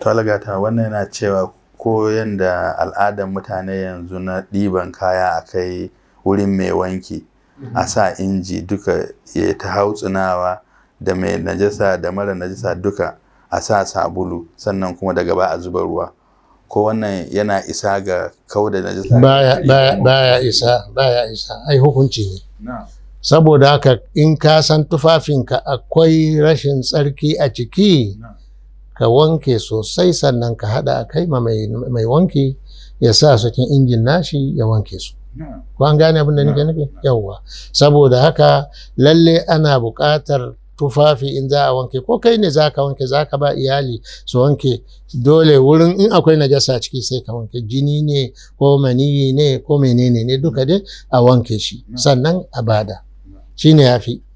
Tolgata wannan yana cewa ko yanda al'adar mutane yanzu na ɗiban kaya a kai wurin mai wanki mhm. a sa inji duka ya ta hautsinawa da mai najasa da mara najasa duka a sa sabulu sannan kuma daga ba a zuba ruwa ko wannan yana isa ga kau da najasa baya baya baya isa baya isa ai hukunci ne saboda haka in ka san tufafinka akwai rashin tsarki a ciki ka wanke sosai sannan ka haɗa a kai mai wanki ya sa su cikin injin nashi ya wanke su ko an gane abin da nake nufi yawwa saboda haka lalle ana buƙatar tufafi in za a wanke ko kai ne za ka wanke za ka ba iyali su wanke dole wurin in akwai najasa ciki sai ka wanke jini ne ko maniyi ne ko menene ne duka dai a wanke shi sannan a bada shine yafi